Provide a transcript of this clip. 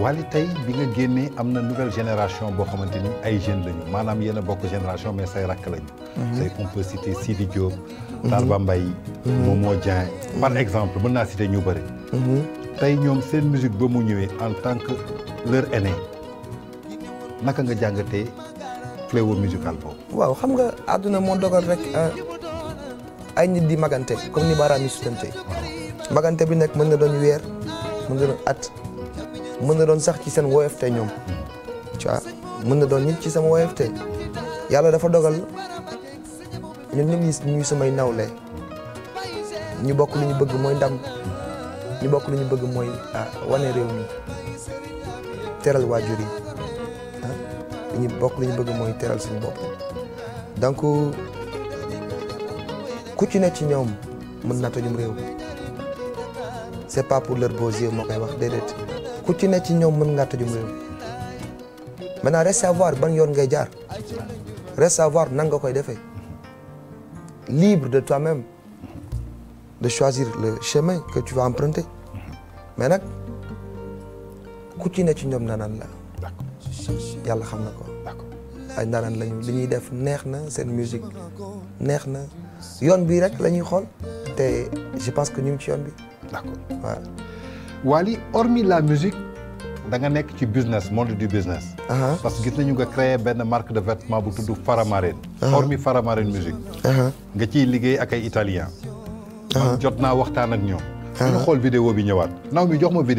Wally tey bi nga génnee am na nouvelle génération boo xamante ni ay jeunes lañu maanaam yéen a bokk génération mais say rakk lañu. Mhm. say on peut citer Sidi Diop. Mhm. Tarba Mbaye. Mhm. moo Dieng. par exemple mën naa citer ñu bëri. tey ñoom seen musique ba mu ñëwee en tant que leur aîné naka nga jàngatee fléau musical boobu. waaw xam nga àdduna moo dogal rek ah, ay nit di magante comme ni baaraam yi sutante magante bi nekk mën nga doon weer mën na doon at. mën na doon sax ci seen woyofte ñoom tu vois mën na doon nit ci sama woyofte yàlla dafa dogal ñun ñëpp ñu ñuy samay nawle ñu bokk lu ñu bëgg mooy ndam bokk lu bëgg mooy ah, wane réew mi teral waajur yi ah ñu bokk lu ñu bëgg mooy teral suñu bopp donc ku ci ne ci ñoom mën naa tojum réew c'est pas pour leurs beaux yeux moo koy wax déedéet ku ci ne ci ñoom mën ngaa tëjum réew maintenant reste à voir yoon ngay jaar reste à voir koy defee libre de toi-même de choisir le chemin que tu vas emprunter mais nag ku ci ne ci ñoom naanaan la yàlla xam na ko ay naanaan lañu li ñuy def neex na seen musique neex na yoon bi rek lañuy xool te je pense que ñu ngi ci yoon bi d'accord waaw Wally hormis la musique da nga nekk ci business monde du business parce que gis nañu nga créé benn marque de vêtement bu tudd Faramareen hormis Faramareen musique nga ciy liggéey ak ay italien jot naa waxtaan ak ñoom ñu xool vidéo bi ñëwaat naw mi jox ma vidéo